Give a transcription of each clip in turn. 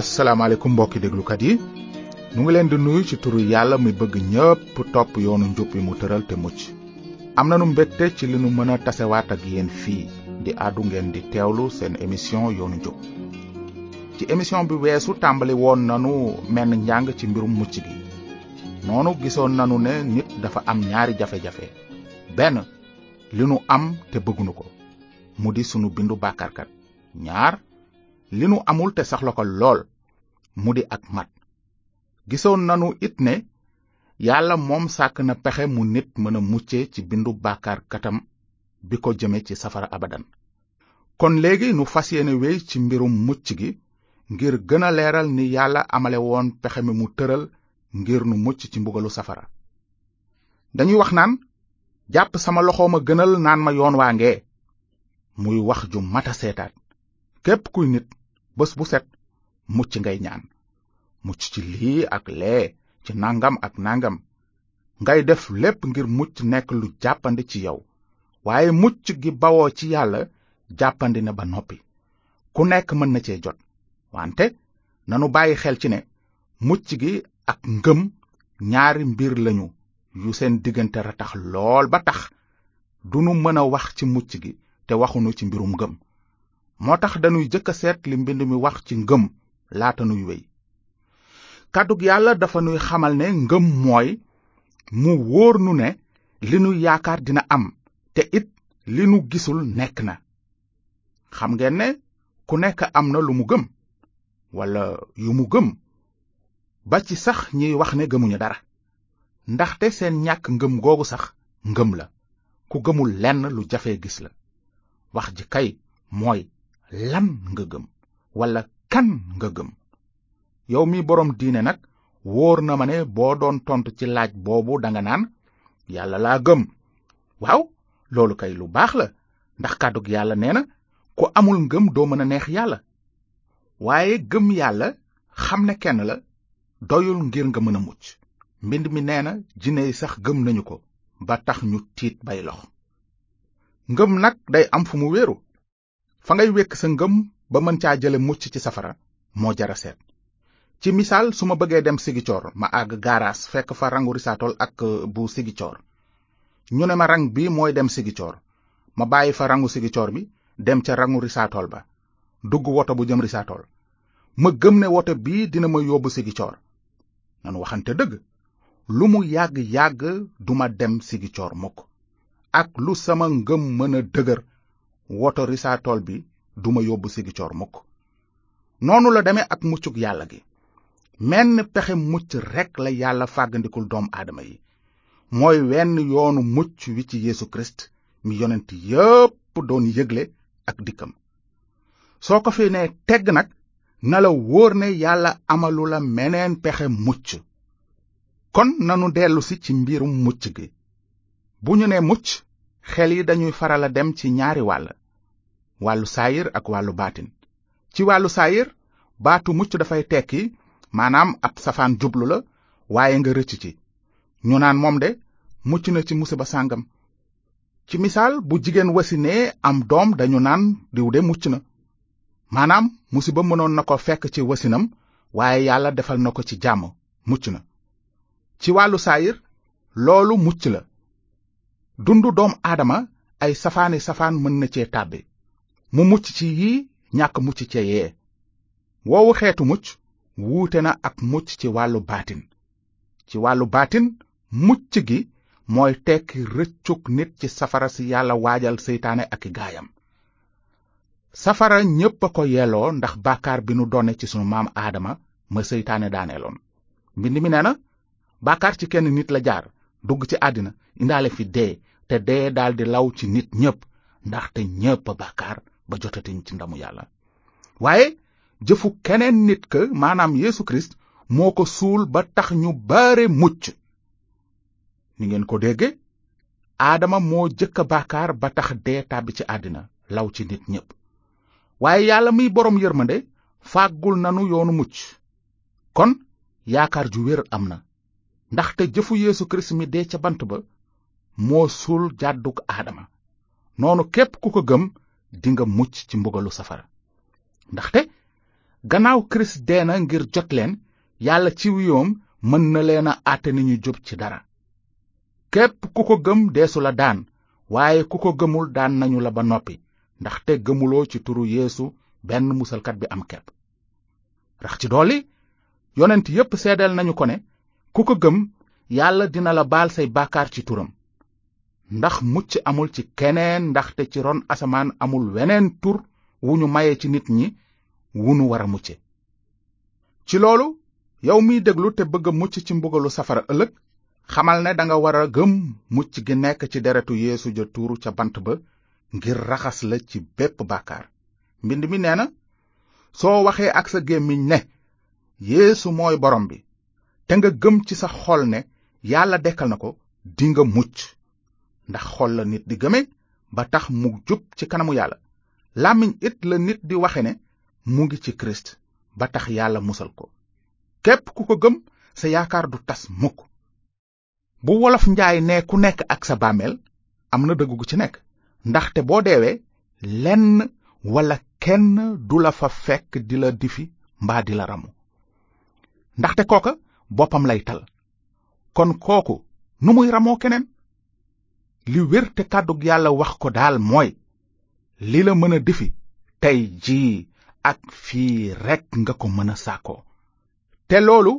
asalaamaaleykum mbokki déglukat yi mu ngi leen di nuyu ci turu yàlla mi bëgg ñépp topp yoonu njub bi mu tëral te mucc am nanu mbégte ci li nu mën a tasewaat ak yéen fii di àddu ngeen di teewlu seen émission yoonu njub ci émission bi weesu tàmbali woon nanu menn njàng ci mbirum mucc gi noonu gisoon nanu ne nit dafa am ñaari jafe-jafe benn li nu am te bëggunu ko mu di sunu bindu bàkkaarkat ñaar li nu amul te saxla ko lool mu di ak mat gisoon nu it ne yàlla moom sàkk na pexe mu nit mën a mucce ci bindu baakaar katam bi ko jëme ci safara abadan kon léegi nu fas yéene wéy ci mbirum mucc gi ngir gën a leeral ni yàlla amale woon pexe mi mu tëral ngir nu mucc ci mbugalu safara dañuy wax naan jàpp sama loxo ma gënal naan ma yoon waa ngee muy wax ju mata seetaan képp kuy nit bés bu set mucc ngay ñaan mucc ci lii ak lee ci nangam ak nangam ngay def lépp ngir mucc nekk lu jàppandi ci yow waaye mucc gi bawoo ci yàlla jàppandi na ba noppi ku nekk mën na cee jot wante nanu bàyyi xel ci ne mucc gi ak ngëm ñaari mbir lañu yu seen diggante ratax lool ba tax dunu mën a wax ci mucc gi te waxunu ci mbirum ngëm moo tax dañuy jëkk a seet li mbind mi wax ci ngëm laata nuy wéy kàddug yàlla dafa nuy xamal ne ngëm mooy mu wóor nu ne li nu yaakaar dina am te it li nu gisul nekk na xam ngeen ne ku nekk am na lu mu gëm walla yu mu gëm ba ci sax ñiy wax ne gëmuñu dara ndaxte seen ñàkk ngëm googu sax ngëm la ku gëmul lenn lu jafee gis la wax ji kay mooy lan nga gëm walla kan nga gëm yow mi boroom diine nag wóor na ma ne boo doon tontu ci laaj boobu danga naan yàlla laa gëm waaw loolu kay lu baax la ndax kàddug yàlla nee na ku amul ngëm doo mën a neex yàlla waaye gëm yàlla xam ne kenn la doyul ngir nga mën a mucc mbind mi nee na jinne sax gëm nañu ko ba tax ñu tiit bay lox ngëm nag day am fu mu wéeru fa ngay wekk sa ngëm ba mën caa jële mucc ci safara moo jara seet ci misaal su ma bëggee dem sigicoor ma àgg gaaraas fekk fa rangu risaatol ak euh, bu sigicoor ñu ne ma rang bi mooy dem sigicoor ma bàyyi fa rangu sigicoor bi dem ca rangu risaatol ba dugg woto bu jëm risaatol ma gëm ne woto bi dina ma yóbbu sigicoor nanu waxante dëgg lu mu yàgg yàgg duma dem sigicoor mukk ak lu sama ngëm mën a dëgër woto tool bi duma yóbbu sigicoor mukk noonu la deme ak muccuk yàlla gi menn pexe mucc rekk la yàlla fàggandikul doom aadama yi mooy wenn yoonu mucc wi ci yeesu kirist mi yonent yépp doon yëgle ak dikkam soo ko fi nee tegg nag na la wóor ne yàlla amalu la meneen pexe mucc kon nanu dellusi ci mbirum mucc gi bu ñu nee mucc xel yi dañuy faral a dem ci ñaari wàll wàllu saayir ak wàllu baatin ci wàllu saayir baatu mucc dafay tekki maanaam ab safaan jublu la waaye nga rëcc ci ñu naan moom de mucc na ci musiba sàngam ci misaal bu jigéen wasinee am doom dañu naan diw de mucc na maanaam musiba mënoon na ko fekk ci wasinam waaye yàlla defal na ko ci jàmm mucc na ci wàllu saayir loolu mucc la dundu doomu aadama ay safaani safaan mën na cee tàbbi mu mucc ci yii ñàkk mucc ca yee woowu xeetu mucc wuute na ak mucc ci wàllu baatin ci wàllu baatin mucc gi mooy tekki rëccug nit ci safara si yàlla waajal seytaane ak i gaayam safara ñépp a ko yelloo ndax bàkkaar bi nu donne ci sunu maam aadama ma seytaane daaneeloon mbind mi nee na bàkkaar ci kenn nit la jaar dugg ci àddina indaale fi dee te dee daldi law ci nit ñépp ndaxte ñépp a ba jotatiñ ci ndamu yàlla waaye jëfu keneen nit ka maanaam Yeesu Kirist moo ko suul ba tax ñu bare mucc ni ngeen ko dégge aadama moo jëkk a bàkkaar ba tax dee tàbbi ci àddina law ci nit ñépp waaye yàlla miy boroom yërmande fàggul nanu yoonu mucc kon yaakaar ju wér am na ndaxte jëfu Yeesu Kirist mi dee ca bant ba moo suul jàddug aadama noonu képp ku ko gëm dinga mucc ci mbugalu safara ndaxte gannaaw kirist dee na ngir jot leen yàlla ci wiyoom mën na leen a àtte ni ñu jub ci dara képp ku ko gëm deesu la daan waaye ku ko gëmul daan nañu la ba noppi ndaxte gëmuloo ci turu yéesu benn musalkat bi am kepp rax ci dolli yonent yépp seedeel nañu ko ne ku ko gëm yàlla dina la baal say bàkkaar ci turam ndax mucc amul ci keneen ndaxte ci ron asamaan amul weneen tur wu ñu maye ci nit ñi wu nu war a mucce ci loolu yow miy déglu te bëgg mucc ci mbugalu safara ëllëg xamal ne danga war a gëm mucc gi nekk ci deretu yéesu ja tuuru ca bant ba ngir raxas la ci bépp bàkkaar mbind mi nee na soo waxee ak sa gémmiñ ne yéesu mooy borom bi te nga gëm ci sa xol ne yàlla dekkal na ko dinga mucc ndax xol la nit di gëme ba tax mu jub ci kanamu yàlla làmmiñ it la nit di waxe ne mu ngi ci kirist ba tax yàlla musal ko képp ku ko gëm sa yaakaar du tas mukk bu wolof njaay ne ku nekk ak sa bàmmeel am na dëgg ci nekk ndaxte boo deewee lenn walla kenn du la fa fekk di la difi mbaa di la ramu ndaxte kooka boppam lay tal kon kooku nu muy ramoo keneen li wér te kàddu yàlla wax ko daal mooy li la mën a defi tey jii ak fii rekk nga ko mën a sàkkoo te loolu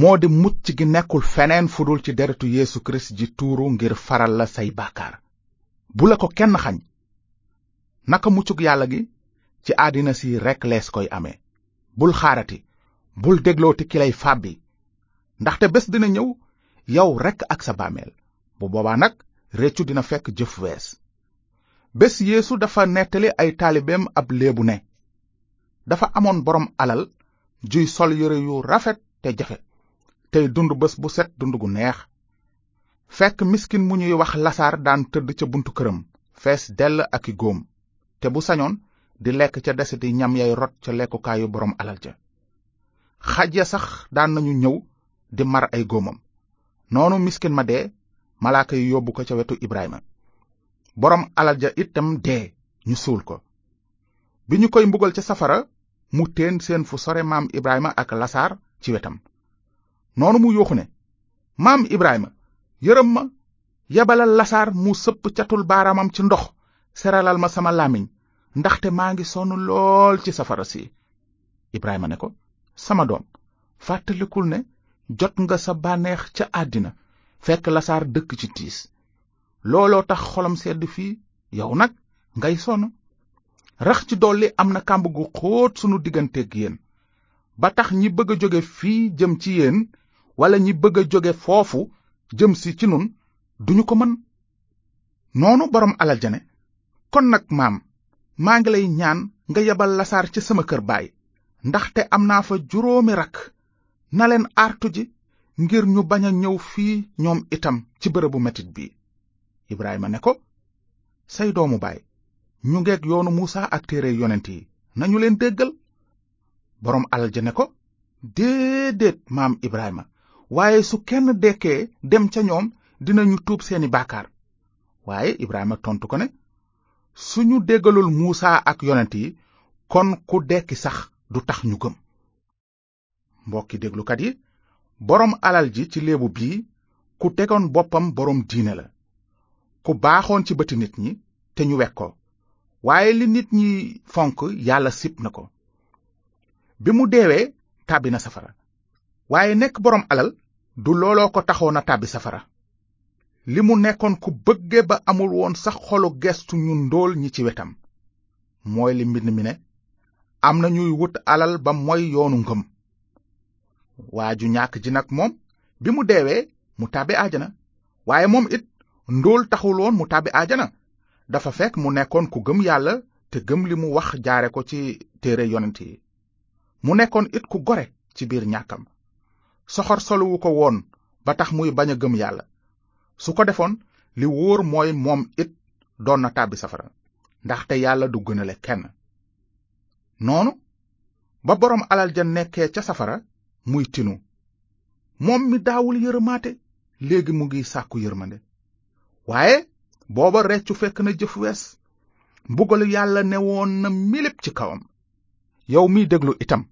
moo di mucc gi nekkul feneen fu dul ci deretu Yeesu Kirist ji tuuru ngir faral la say bàkkaar bu la ko kenn xañ naka muccug yàlla gi ci àddina si rekk lees koy amee bul xaarati bul déglooti ki lay fàbbi ndaxte bés dina ñëw yow rekk ak sa bàmmeel bu boobaa nag réccu dina fekk jëf wees bés yéesu dafa nettali ay taalibeem ab léebu ne dafa amoon boroom alal juy sol yére yu rafet te jafe tey dund bés bu set dund gu neex fekk miskin mu ñuy wax lasaar daan tëdd ca buntu këram fees dell ak i góom te bu sañoon di lekk ca desiti ñam yay rot ca lekkukaayu boroom alal ja xaj ya sax daan nañu ñëw di mar ay góomam noonu miskin ma dee malaaka yóbbu ko ca wetu Ibrahima boroom alal ja itam dee ñu suul ko bi ñu koy mbugal ca safara mu teen seen fu sore maam Ibrahima ak lasaar ci wetam noonu mu yuuxu ne maam Ibrahima yërëm ma yebalal lasaar mu sëpp catul baaraamam ci ndox seralal ma sama làmmiñ ndaxte maa ngi sonn lool ci safara si Ibrahima ne ko sama doom fàttalikul ne jot nga sa bànneex ca àddina fekk lasaar dëkk ci tiis looloo tax xolam sedd fii yow nag ngay sonn rax ci dolli am na kàmb gu xóot sunu digganteeg yéen ba tax ñi bëgg a jóge fii jëm ci yéen walla ñi bëgg a jóge foofu jëm si ci nun duñu ko mën noonu boroom alal ja kon nag maam maa ngi lay ñaan nga yebal lasaar ci sama kër baay ndaxte am naa fa juróomi rakk na leen artu ngir ñu bañ a ñëw fii ñoom itam ci bërëbu metit bi Ibrahima ne ko say doomu baay ñu ngeeg yoonu Muusa ak téere yonent yi nañu leen déggal boroom alal ja ne ko déedéet maam Ibrahima waaye su kenn dekkee dem ca ñoom dinañu tuub seeni baakaar waaye Ibrahima tontu ko ne suñu déggalul Muusa ak yonent yi kon ku dekki sax du tax ñu gëm mbokki déglukat yi boroom alal ji ci léebu bii ku tegoon boppam boroom diine la ku baaxoon ci bëti nit ñi te ñu wek ko waaye li nit ñi fonk yàlla sib na ko bi mu deewee tàbbi na safara waaye nekk boroom alal du looloo ko taxoon a tàbbi safara li mu nekkoon ku bëgge ba amul woon sax xolu gestu ñu ndóol ñi ci wetam mooy li mbind mi ne am na ñuy wut alal ba moy yoonu ngëm waa ju ñàkk ji nag moom bi mu deewee mu tàbbi aajana waaye moom it ndóol taxul woon mu tàbbi aajana dafa fekk mu nekkoon ku gëm yàlla te gëm li mu wax jaare ko ci téere yonent yi mu nekkoon it ku gore ci biir ñàkkam soxor soluwu ko woon ba tax muy bañ a gëm yàlla su ko defoon li wóor mooy moom it doon na tàbbi safara ndaxte yàlla du gënale kenn noonu ba boroom alal ja nekkee ca safara muy tinu moom mi daawul yërëmaate léegi mu ngi sàkku yërmande waaye booba reccu fekk na jëf wees mbugalu yàlla ne woon na milip ci kawam yow miy déglu itam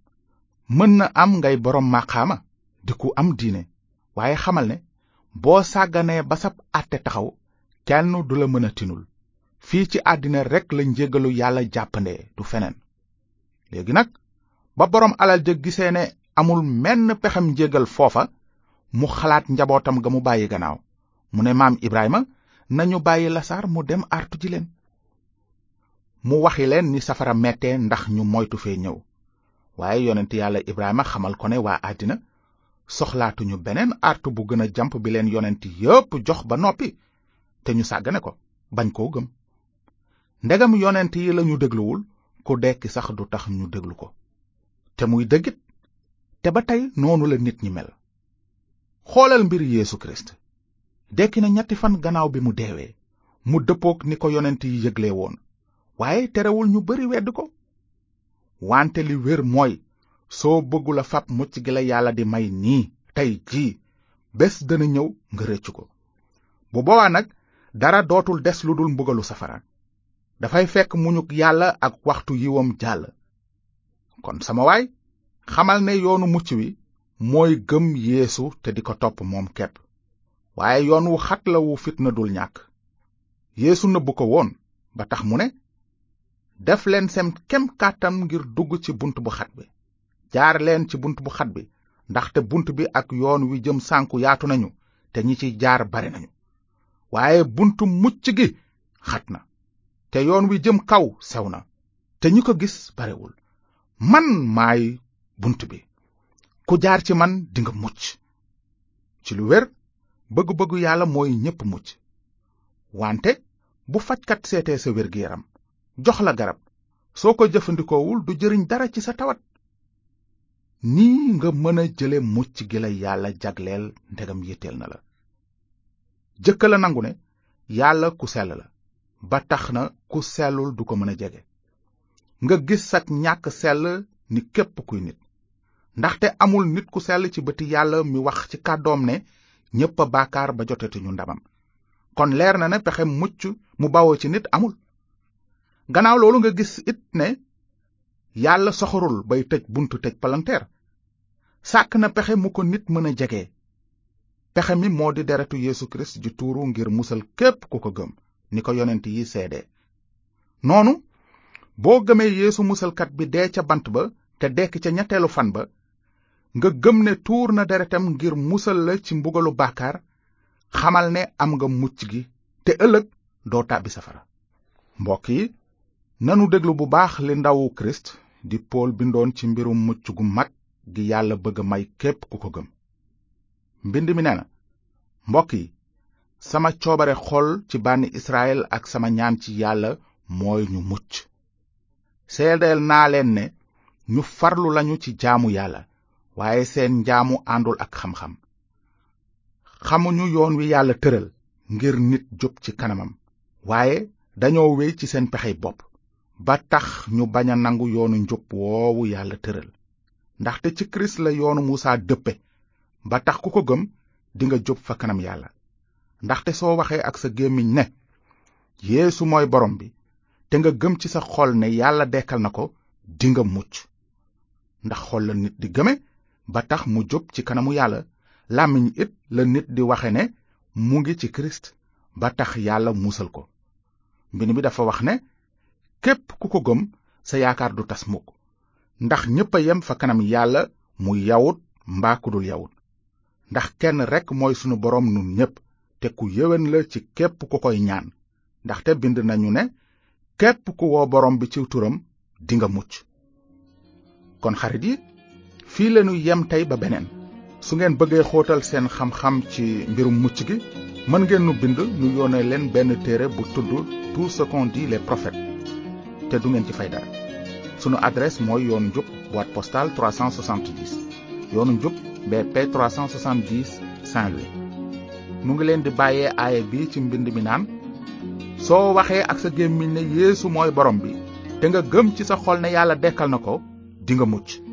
mën na am ngay borom maqaama di ku am diine waaye xamal ne boo sàgganee ba sab àtte taxaw kenn du la mën a tinul fii ci àddina rekk la njégalu yàlla jàppandee du feneen léegi nag ba borom alal ja gisee ne amul menn pexem njégal foofa mu xalaat njabootam ga mu bàyyi gannaaw mu ne maam Ibrahima nañu bàyyi lasaar mu dem artu ji leen mu waxi leen ni safara mettee ndax ñu moytu fee ñëw waaye yonent yàlla Ibrahima xamal ko ne waa àddina soxlaatuñu beneen artu bu gën a jamp bi leen yonent yépp jox ba noppi te ñu sàggane ko bañ koo gëm ndegam yonent yi lañu dégluwul ku dekki sax du tax ñu déglu ko te muy dëggit te ba tey noonu la nit ñi mel xoolal mbir yéesu Kirist dekki na ñetti fan gannaaw bi mu deewee mu dëppook ni ko yonent yi yëgle woon waaye terewul ñu bari wedd ko wante li wér mooy soo bëggula fab mucc gi la yàlla di may nii tey jii bés dana ñëw nga rëccu ko bu boobaa nag dara dootul des lu dul mbugalu safara dafay fekk muñuk yàlla ak waxtu yiwam jàll kon sama waay xamal ne yoonu mucc wi mooy gëm yeesu te di ko topp moom kepp waaye yoon wu xat la wu fitna dul ñàkk yéesu nëbbu ko woon ba tax mu ne def leen sem kem kàttan ngir dugg ci bunt bu xat bi jaar leen ci bunt bu xat bi ndaxte bunt bi ak yoon wi jëm sànku yaatu nañu te ñi ci jaar bare nañu waaye buntu mucc gi xat na te yoon wi jëm kaw sew na te ñi ko gis barewul man maay bunt bi ku jaar ci man dinga mucc ci lu wér bëgg-bëggu yàlla mooy ñépp mucc wante bu fajkat seete sa wér gi yaram jox la garab soo ko jëfandikoowul du jëriñ dara ci sa tawat ni nga mën a jële mucc gi la yàlla jagleel ndegam yitteel na la jëkk la nangu ne yàlla ku sell la ba tax na ku sellul du ko mën a jege nga gis sag ñàkk sell ni képp kuy nit ndaxte amul nit ku sell ci bëti yàlla mi wax ci kàddoom ne ñépp a baakaar ba jotetuñu ndamam kon leer na ne pexe mucc mu bawoo ci nit amul gannaaw loolu nga gis it ne yàlla soxorul bay tëj buntu tëj palanteer sàkk na pexe mu ko nit mën a jege pexe mi moo di deretu Yeesu Kirist ji tuuru ngir musal képp ku ko gëm ni ko yonent yi seede noonu boo gëmee yéesu musalkat bi dee ca bant ba te dekk ca ñetteelu fan ba nga gëm ne tuur na deretam ngir musal la ci mbugalu bàkkaar xamal ne am nga mucc gi te ëllëg doo tàbbi safara mbokk yi nanu déglu bu baax li ndawu kirist di pool bindoon ci mbirum mucc gu mag gi yàlla bëgg a may képp ku ko gëm mbind mi nee na mbokk yi sama coobare xol ci bànni israel ak sama ñaan ci yàlla mooy ñu mucc seedeel naa leen ne ñu farlu lañu ci jaamu yàlla waaye seen njaamu àndul ak xam-xam xamuñu yoon wi yàlla tëral ngir nit jub ci kanamam waaye dañoo wéy ci seen pexey bopp ba tax ñu bañ a nangu yoonu njub woowu yàlla tëral ndaxte ci kirist la yoonu muusaa dëppe ba tax ku ko gëm dinga jub fa kanam yàlla ndaxte soo waxee ak sa gémmiñ ne yéesu mooy borom bi te nga gëm ci sa xol ne yàlla dekkal na ko dinga mucc ndax xol la nit di gëme ba tax mu jóg ci kanamu yàlla làmmiñ it la nit di waxe ne mu ngi ci kirist ba tax yàlla muusal ko mbind mi dafa wax ne képp ku ko gëm sa yaakaar du tas mukk ndax ñépp a yem fa kanam yàlla mu yawut mbaa ku dul yawut ndax kenn rekk mooy sunu boroom nun ñépp te ku yéwén la ci képp ku koy ñaan ndaxte bind nañu ne képp ku woo boroom bi ci turam dinga mucc kon xarit yi fii lañu yem tey ba beneen su ngeen bëggee xootal seen xam-xam ci mbirum mucc gi mën ngeen nu bind ñu yónnee leen benn téere bu tudd tout ce le dit te du ngeen ci fay dara sunu adresse mooy yoonu njub boîte postale 370 yoonu njub BP 370 Saint-Louis mu ngi leen di bàyyee aaye bi ci mbind mi naan soo waxee ak sa gémmiñ ne yéesu mooy borom bi te nga gëm ci sa xol ne yàlla dekkal na ko dinga mucc